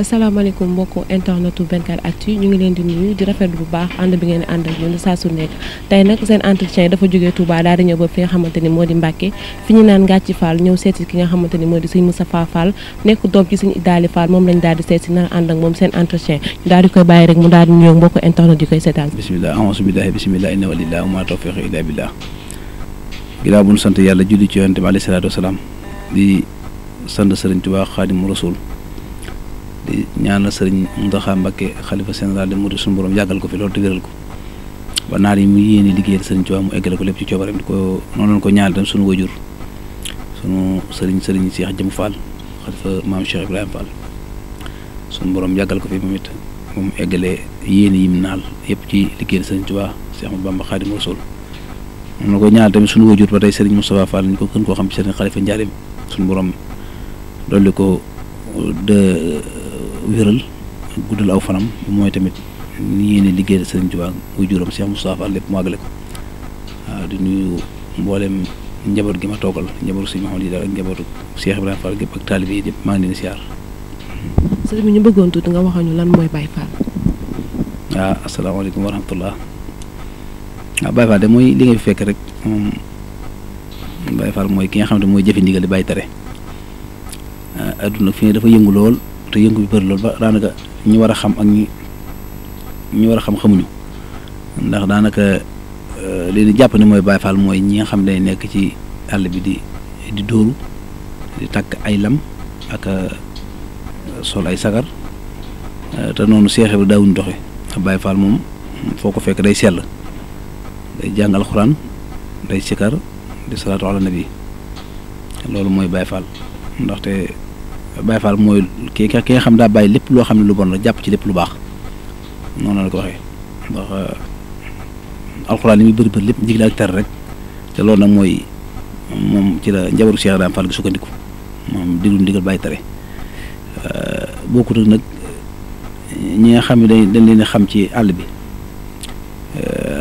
asalaamaaleykum mbokku internetu 24 actu ñu ngi leen di di rafetlu bu baax ànd bi ngeen di ànd ak ñun saa su nekk tey nag seen entretien dafa jógee Touba daal di ñëw ba fi nga xamante ni moo di Mbàkke fi ñu naan Gathie Fall ñëw seeti ki nga xamante ni moo di sëñ Moustapha Fall nekk doom ci sëñ Idaly Fall moom lañ daal di seet si nar ànd ak moom seen entretien ñu daal di koy bàyyi rek mu daal di nuyoo mbokku internet yi koy seetaan bisimilah aouzu billahi bisimilah inna walillah wa ma sant yàlla julli ci yonent bi alayhi salaatu wasalaam di sant sëriñ Tuubaa Xaadimu Rasuul di ñaanal sëriñ Mountakha Mbacké xalifa général des mourides suñu borom yàggal ko fi loolu te wéral ko ba naar yi mu yéene liggéeyal sëriñ Tuubaa mu eggale ko lépp ko noonu lañ ko ñaanal tam suñu wajur suñu sëriñ sëriñ Cheikh Jëm Fall xalifa maam Cheikh Ibrahima Fall suñu ko fi moom it moom eggalee yéene yim naal yëpp ci liggéeyal sëriñ Tuubaa Cheikh Ahmadou Bamba Xaadimu Rasuul moom la ko ñaanal tamit suñu wajur ko gën koo xam ci sëriñ xalifa Njaareem suñu borom dolli ko wéral ak guddal aw fanam mooy tamit ni yéene liggéey sëriñ Tuubaa muy juróom Cheikh Moustapha Fall lépp mu àggale ko waaw di nuyu mboolem njaboot gi ma toogal njabootu sëriñ Mahamad yi daal ak njabootu Cheikh ñu bëggoon tuuti nga waxal ñu lan mooy Baye Fall ah, waaw ah, mooy li fekk rek moom mooy ki nga xam ne mooy jëfe ndigal di bàyyi tere ah, ne dafa yëngu lool te yëngu bi bëri loolu ba daanaka ñi war a xam ak ñi ñi war a xam xamuñu ndax daanaka euh, li ñu jàpp ne mooy Baay Faal mooy ñi nga xam ne nekk ci àll bi di di dóoru di takk ay lam ak euh, sol ay sagar euh, te noonu Seex Ibra daawuñu doxe moom foo ko fekk day sell day jàngal xuraan day sikar di salaatu ala nabi loolu mooy Baay Faal ndaxte Baye Fall mooy ki ki nga xam daa bàyyi lépp loo xam ne lu bon la jàpp ci lépp lu baax noonu la ko waxee ndax euh, alxuraan li muy bëri lépp digle ak tere rek te loolu nag mooy moom ci la njabootu Cheikh Ibrahima Fall gi sukkandiku moom diglu ndigal bàyyi tere euh, bokkut ak nag euh, ñi nga xam ne dañ dañ leen xam ci àll bi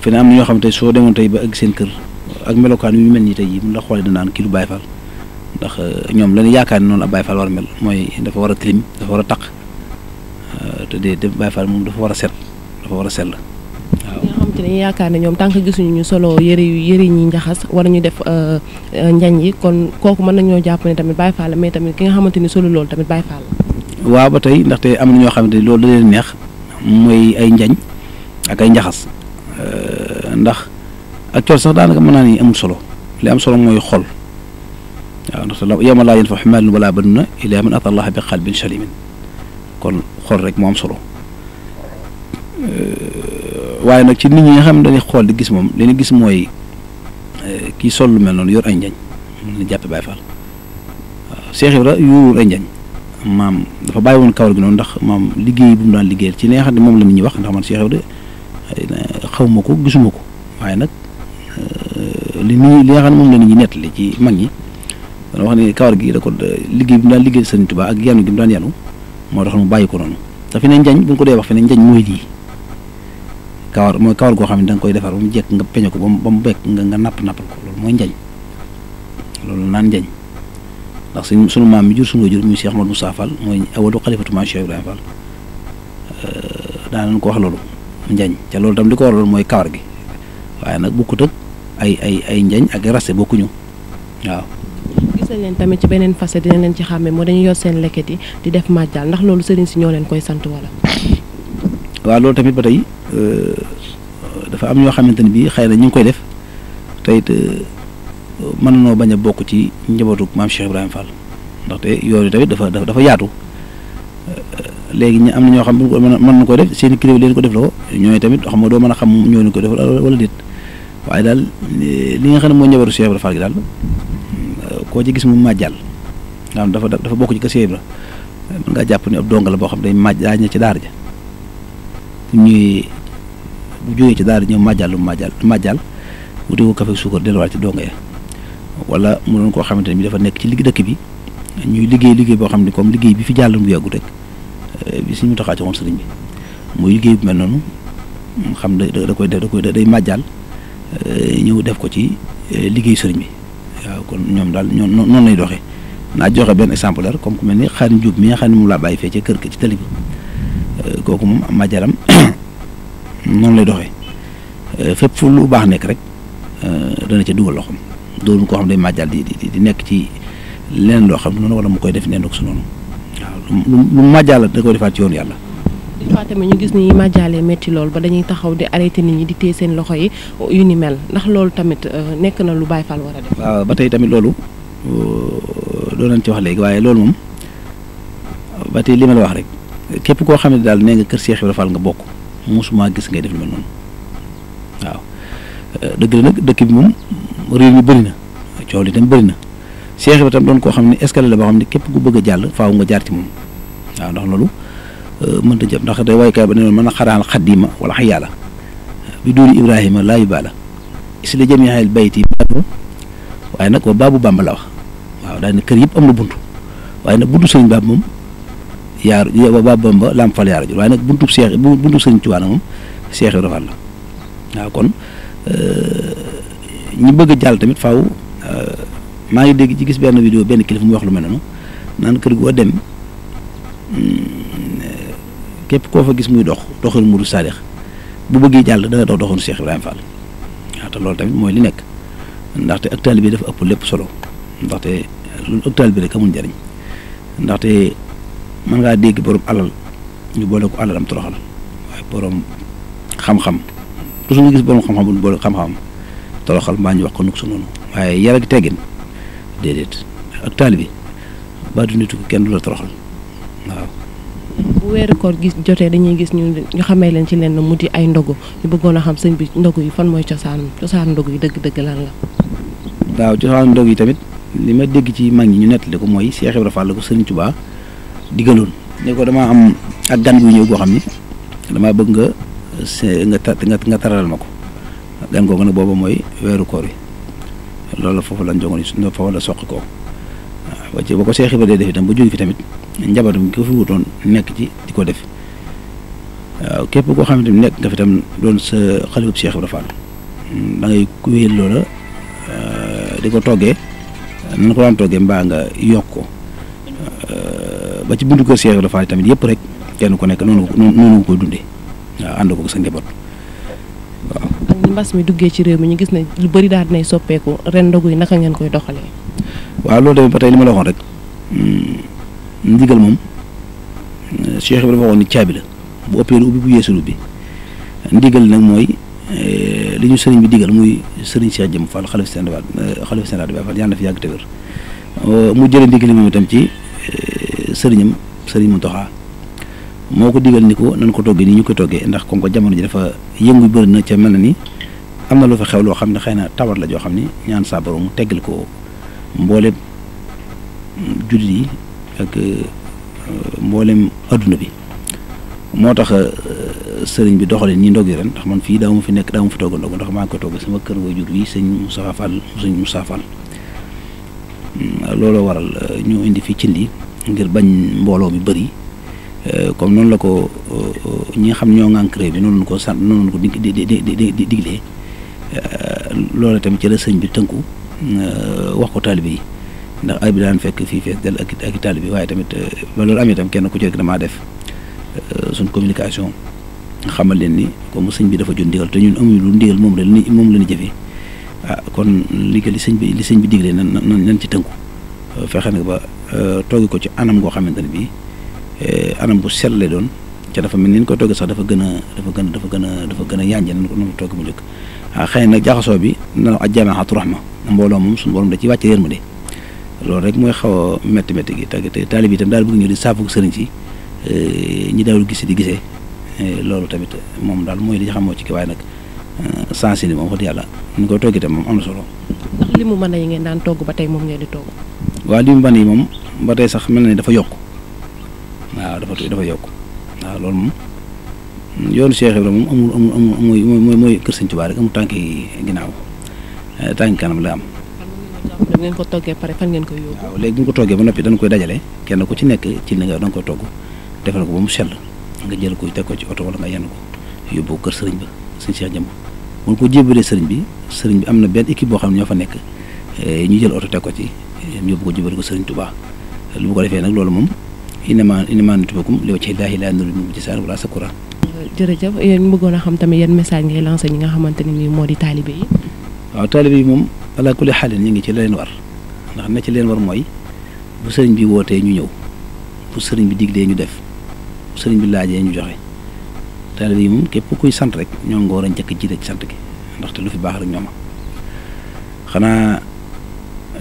fi ne am na ñoo xam tey soo demoon tey ba ak seen kër ak melokaan yu mel nii tey jii mun la xoolee danaan kii lu Baye Fall. ndax euh, ñoom lañu yaakaar ne noonu ab Baye Fall war a mel mooy dafa war a tilim dafa war a taq euh, te de Baye Fall moom dafa war a set dafa war a sell la nga yaakaar ne ñoom tant que gisuñu ñu solo yëre yu yëre ñi njaxas wala ñu def euh, njañ yi kon kooku mën nañoo jàpp ne tamit Baye Fall tamit ki nga xamante ni solo loolu tamit Baye waaw ba tey ndaxte am na ñoo xamante ni loolu da leen neex mooy ay njañ ak ay njaxas ndax ak col sax daanaka mën naa ni amul solo li am solo mooy xol. waaw ndax yawma laa yanfa'u maalun wa laa banuuna illaa man ataa Allaha bi qalbin saliim kon xol rek moo am solo waaye nag ci nit ñi nga xam ne dañuy xool di gis moom li gis mooy kii sol lu mel noonu yor ay njañ ñu jàpp Baay Faal waaw Seex Ibra yorul woon kawar gi noonu ndax maam liggéey bu daan liggéeyal ci li ne moom la nit ñi wax ndax man Seex Ibra xaw ko gisuma ko waaye nag li nii li ne moom la nit ñi nettali ci mag ñi. dana wax ne kawar gi da ko liggéey bi mu daan liggéey Sëriñ Tuubaa ak yanu gi mu daan yanu moo tax mu bàyyi ko noonu te fi ne njañ bu ñu ko dee wax fi ne njañ mooy lii kawar mooy kawar goo xam ne da koy defar mu jekk nga peñe ko ba mu ba nga nga napp nappal ko loolu mooy naan njañ ndax suñ sunu maam mi jur sunu jur muy Cheikh Ahmadou Moussa Fall mooy awadu xalifatu maam Cheikh Ibrahima Fall euh, daanañ ko wax loolu njañ te loolu tam li ko war loolu mooy kawar gi waaye nag bukkut ak ay ay njañ ak rase bokkuñu waaw gis leen tamit ci beneen facette dinañ leen ci xàmme moo dañu yor seen lekket yi di def màjjal ndax loolu sëriñ si ñoo leen koy sant wala. waaw loolu tamit ba tey euh, dafa am ñoo xamante ni bii xëy na ñu ngi koy def te it euh, mën a bokk ci njabootu maam Cheikh Ibrahima Fall ndaxte yooyu tamit dafa dafa yaatu euh, léegi ñi am ñoo xam ne mën na koy def seen i leen ko def loo ñooy tamit xam nga doo mën a xam ñoo leen ko def wala déet waaye daal li nga xam ne mooy njabootu Cheikh Ibrahima gi daal. koo ci gis mu màjjal nga xam dafa dafa bokk ci kër Cheikh Ibra ngaa jàpp ne ab donga la boo xam day màjj daa ci daara bu jógee ci daara ñëw màjjal lu màjjal màjjal wuti ko kafe ci donga ya wala mu doon koo xamante ne bi dafa nekk ci ligg dëkk bi ñuy liggéey liggéey boo xam ne comme liggéey bi fi jàll bu yàggu rek eh, bi suñu taxaa ci woon sëriñ bi liggéey bu mel noonu xam da da koy def day màjjal eh, ñëw def ko ci eh, liggéey sëriñ bi kon ñoom daal ñoo noonu lay doxee naa joxe benn exemplaire comme ku mel ni xaarim Diop mi nga xam ne moom laa bàyyi fee ca kër ga ci tali bi euh, kooku moom majaram noonu lay doxe euh, fépp fu lu baax nekk rek euh, dana ca dugal loxoom doonu koo xam day majal di di nekk ci leneen loo xam noonu wala mu koy def neen ak su noonu waaw lu mu majal da koy defaat ci yoonu yàlla. des fois tamit ñu gis ni màjjaalee métti loolu ba dañuy taxaw di arrêté nit ñi di téye seen loxo yi yu ni mel ndax loolu tamit euh, nekk na lu Baay Faal war a def. waaw ba tey tamit loolu euh, doon nañ ci wax léegi waaye loolu moom ba tey li ma la wax rek képp koo xam ne daal ne nga kër Cheikh Ibrahima Fall nga bokk mosuma gis ngay def lu euh, dëgg nag dëkk bi moom réew mi bëri na coow li tam bëri na Cheikh Ibrahima tam doon koo xam ne escalier la boo xam ne képp ku bëgg a jàll faaw nga jaar ci moom waaw ndax loolu. Euh, mënta jëm ndax day waykaay ba ne mën a xaraan xadima wala xa yàlla bi ibrahima laa yu baala si la jëm yaxeel bayti waaye nag la kër yëpp am na buntu waaye nag buntu sëñ baab moom yaaru wa baabu bàmba laam fal yaaru waaye nag buntu seex buntu sëñ Tuubaa moom seex yu rafet la waaw kon euh, ñi bëgg jàll tamit faaw euh, maa ngi dégg ci gis benn vidéo benn kilifa mu wax lu mel noonu naan kër goo dem hmm, képp koo fa gis muy dox doxal murid saadix bu bëggee jàll dana dox doxoon Cheikh Ibrahima Fall waaw te loolu tamit mooy li nekk ndaxte ak taalibe bi dafa ëpp lépp solo ndaxte lu ak bi rek amul njariñ ndaxte mën ngaa dégg boroom alal ñu boole ko alalam toroxal waaye borom xam-xam toujours nga gis borom xam-xam bu ñu boole xam-xam toroxal mbaa ñu wax ko nu su noonu waaye yar ak teggin déedéet ak taalibe bi ba du nitu ko kenn du la toroxal waaw. bu weeru koor gis jotee dañuy gis ñu ñu xamee leen ci lenn mu di ay ndogu ñu bëggoon a xam sëñ bi ndogu yi fan mooy cosaan cosaan ndogu yi dëgg-dëgg lan la. waaw yi tamit li ma dégg ci mag ñi ñu nettali ko mooy Cheikh Ibrahima Fall ko sëñ Tuubaa digaloon ne ko damaa am ak gan gu ñëw goo xam ni damaa bëgg nga nga nga taral ma ko gan googu nag booba mooy weeru koor yi loolu foofu lañ jogoon foofu la soqi ko waaw ba ci ba ko Cheikh Ibrahima dee def itam ba jóge fi tamit. njabootam ko fi wutoon nekk ci di ko def képp koo xam ne nekk nga fi tam doon sa xalifab Cheikh Ibra Fall da ngay wéyal loola euh, di ko toggee nan ko daan toggee mbaa nga yokk ko euh, ba ci bindu kër Cheikh Ibra Fall tamit yépp rek kenn ku nekk noonu noonu ko dundee waaw ànd ko sa njaboot waaw. ak duggee ci réew mi ñu gis ne lu daal dinay soppeeku yi naka ngeen koy doxalee. waaw loolu tamit ba tey li ma la rek. Hmm, ndigal moom Cheikh Ibrahima waxoon ni caabi la bu ëppee lu ubbi bu yeesu bi ndigal nag mooy eh, li ñu sëriñ bi digal muy sëriñ Cheikh Jëm Fall xalifa général eh, xalifa général bi Fall yàlla na fi yàgg te wér eh, mu jëlee ndigal moom itam ci sëriñam sëriñ Mountakha moo ko digal ni ko nan ko toggee nii ñu ko toggee ndax comme que jamono ji dafa yëngu bëri na ca mel na nii am na lu fa xew loo xam ne xëy naa tawar la joo xam ne ñaan saa mu teggal ko mboolem jullit yi. ak euh, mboolem adduna bi moo tax euh, sëriñ bi doxalee nii ndogu ren ndax man fii daaw ma fi nekk daaw mu fi togg ndogu ndax maa ngi ko togg sama kër waajur wi sëñ sëñ Moussa Fall hmm, looloo waral euh, ñu indi fi cin li ngir bañ mbooloo mi bëri comme noonu la ko ñi nga xam ñoo ŋànk réew bi noonu ko sant noonu ko digg di di di diglee loolu tamit ci la sëñ bi tënku wax ko taalibe yi. ndax ay bi daan fekk fii fees del ak ak taali bi waaye tamit euh, ba loolu amee tam kenn ku ci damaa def euh, suñ communication xamal leen ni comme sëñ bi dafa jot ñun amuñu lu ndigal moom la ni moom la ñu jëfee ah kon li li sëñ bi sëñ bi diglee nan nan nan ci tënku euh, fexe nag ba toogi ko ci anam goo xamante ne bii anam bu sell lee doon ca dafa mel ni ñu ko toogee sax dafa gën a dafa gën a dafa gën a dafa gën a yànje nan ko nan ko toogi mu njëkk ah xëy na nag jaxasoo bi na ajjana xatu ma mbooloo moom suñu borom da ci wàcce de loolu rek mooy xaw metti métti métti gi te taalib itam daal bëgg ñu di saafu sëriñ ci eh, ñi daawul gis di gisee eh, loolu tamit moom daal mooy li xamoo ci ki waaye nag eh, sens yi moom wax yàlla ñu koy togg itam moom am na solo. li mu mën a yi ngeen daan togg ba tey moom ngeen di togg. waaw li mu yi moom ba tey sax mel na ni dafa yokk waaw dafa dafa yokk waaw loolu moom yoonu Cheikh Ibrahima moom amul amul amul mooy mooy mooy kër sañ Tuubaa rek amul tànk yi ginnaaw tànk kanam la am. da ngeen ko toggee pare fan ngeen koy yóbbu. waaw léegi bu ñu ko toggee ba noppi dañ koy dajale kenn ku ci nekk ci li nga da nga koy togg defal ko ba mu sell nga jël ko teg ko ci oto wala nga yenn ko yóbbu kër sëriñ ba sëriñ bi am na benn équipe boo xam ne ñoo fa nekk eh, ñu jël oto teg ko ci eh, yóbbu ko jébale ko sëriñ Touba eh, lu bu ko defee nag loolu moom inamaa inamaa nitubakum li wajhi llaahi laa nuriidu jazaan wala shukran jërëjëf yéen bëggoon a xam tamit yan message ngay lancé ñi nga xamante ni moo di taalibe yi waaw taalibe yi ala kulli xaalin ñu ngi ci la leen war ndax na ci leen war mooy bu sëriñ bi wootee ñu ñëw bu sëriñ bi diglee ñu def bu sëriñ bi laajee ñu joxe taalibe yi moom képp kuy sant rek ñoo nga war a njëkk ci sant gi ndaxte lu fi baax rek ñoo xanaa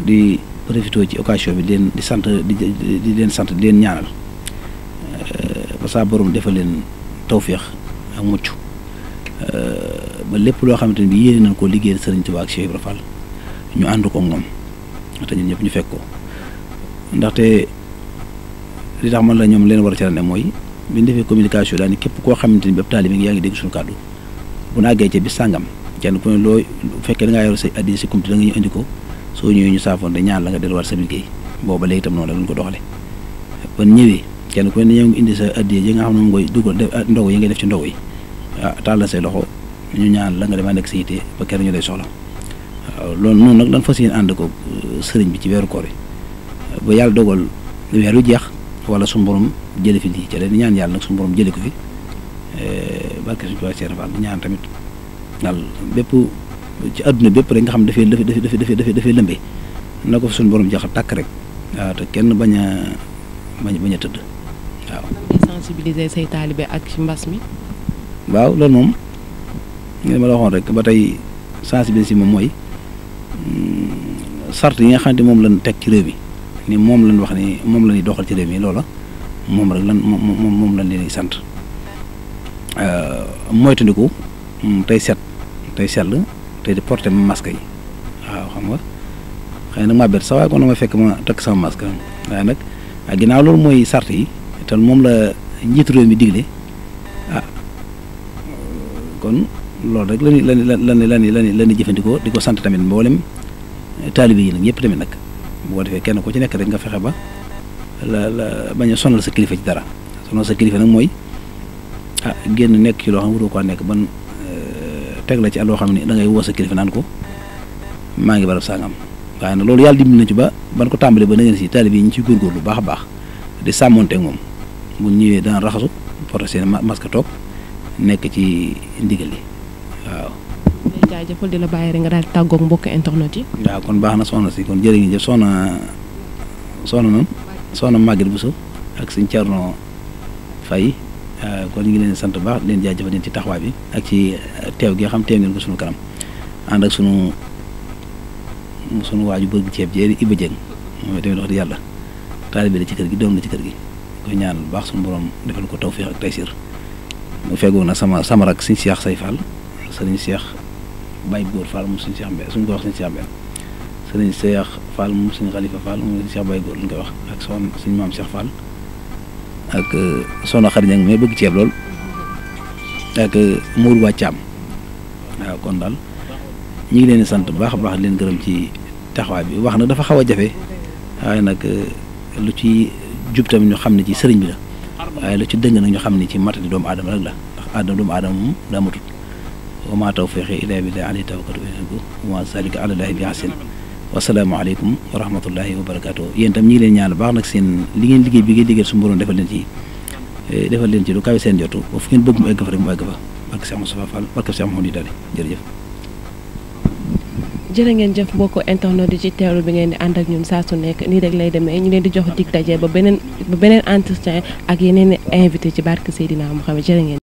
di profité ci occasion bi di di sant di leen sant di leen ñaanal euh, ba saa borom defal leen tawféex ak mucc euh, ba lépp loo xamante nii bi yéene nañ koo liggéeyal sëriñ Tuubaa ak Cheikh Ibra Fall ñu ànd ko moom te ñun ñëpp ñu fekk ko ndaxte li tax man la ñoom leen war a ca ne mooy bi ñu defee communication daal képp koo xamante ni bépp taalibe yaa ngi dégg suñu kàddu bu naagee ca bis sàngam kenn ku ne loo fekkee da ngaa yor say addi si kumti da nga ñu indi ko soo ñëwee ñu saafoon de ñaan la nga delluwaat sa liggéey booba léegi itam noonu la duñ ko doxale ban ñëwee kenn ku ne indi sa addi yi nga xam moom ngay dugal def ah ndogu yi ngay def ci ndogu yi ah tàllal say loxo ñu ñaan la nga demaa nekk sa yite ba kenn ñu lay soxla waaw loolu noonu nag lan fas yéene ànd ko euh, sëriñ bi ci weeru koor yi ba yàlla dogal weer wi jeex wala su borom jëlee fi lii ca leen ñaan yàlla nag su borom jëlee ko fi barke suñu Tuubaa Cheikh Fall ñaan tamit daal bépp ci àdduna bépp rek nga xam dafay dafay dafay dafay dafay lëmbee na ko fi suñu borom jeexal tàkk rek waaw te kenn bañ a bañ bañ a tëdd waaw. ak ci mbas waaw loolu moom li ma la waxoon rek ba tey sensibiliser moom mooy. sart yi nga xam moom lañ teg ci réew mi ni moom lañ wax ni moom la ñuy doxal ci réew mi loola moom rek lan moom moom lañ leen sant euh, moytandiku mm, tey set tey sell tey di porter masque yi waaw xam nga xëy na maa bett sa waaye kon na ma fekk ma takk sama masque waaye nag ginnaaw loolu mooy sart yi te moom la njiitu réew mi digle ah, kon. loolu rek lañu lañu lañu lañu lañu lañu jëfandikoo di ko sant tamit mboolem taalibe yi nag yëpp tamit nag boo defee kenn ku ci nekk rek nga fexe ba la la bañ a sonal sa kilifa ci dara sonal sa kilifa nag mooy ah génn nekk ci loo xam waroo koo nekk ban euh, teg la ci loo xam ne da ngay woo sa kilifa naan ko maa ngi barab sangam waaye nag loolu yàlla dimbali na ci ba ban ko tàmbalee ba na ngeen si taalibe yi ñu ciy góorgóorlu baax a baax di sàmmonteeg moom bu ñëwee dana raxasu porte seen masque toog nekk ci ndigal li di la jaajëfal bàyyi rek nga daal di tàggoog mbokk internet yi. waaw kon baax na soxna si kon jërë ngeen jëf soxna soxna noonu soxna bu Bousso ak sëñ Thierno fay euh, kon ñu ngi leen sant baax di leen jaajëfal leen ci taxawaay bi ak ci euh, teew gi nga xam teew ngeen ko suñu kanam ànd ak sunu sunu waaju bëgg ceeb jéeri Iba Dieng moom tamit wax di yàlla taalibe la ci kër gi doom la ci kër gi koy ñaan lu baax suñu borom defal ko tawféex ak taysiir mu feggoon na sama sama rak Say Fall sëriñ Baye Góor Fall moom suñu Cheikh Mbène suñu ko wax suñu Cheikh Mbène sëriñ Cheikh Fall moom suñu Khalifa Fall moom suñu Cheikh Baye Góor lañ koy wax ak son suñ maam Cheikh Fall ak euh, soxna Xari Ñang mais bëgg ceeb lool ak euh, Mourou Ba Thiam waaw kon daal ñu ngi leen sant bu baax a baax leen gërëm ci taxawaay bi wax na dafa xaw a jafe waaye nag euh, lu ci jub tamit ñu xam ne ci sëriñ bi la waaye lu ci dëng nag ñu xam ne ci matadi doomu adama rek la ndax aadama doomu aadama moom daa wa maa tawfiqi illaa billaahi alayhi tawakkaltu wa maa zaalika alaa llaahi bi aziiz wasalaamaaleykum wa rahmatullahi wa barakaatu yéen tam ñu ngi leen ñaan baax nag seen li ngeen liggéey bi ngeen liggéey suñu borom defal leen ci eh, defal leen ci lu kawe seen jotu ba fu ngeen bëgg mu egg fa rek mu egg fa barke Cheikh Moustapha Fall barke Cheikh Mouhamadou Dali jëf mbokku internet ci teewlu bi ngeen di ànd ak ñun saa su nekk nii rek lay demee ñu leen di jox dig daje ba beneen ba beneen entretien ak yeneen invité ci barke Seydina Mouhamed jërë ngeen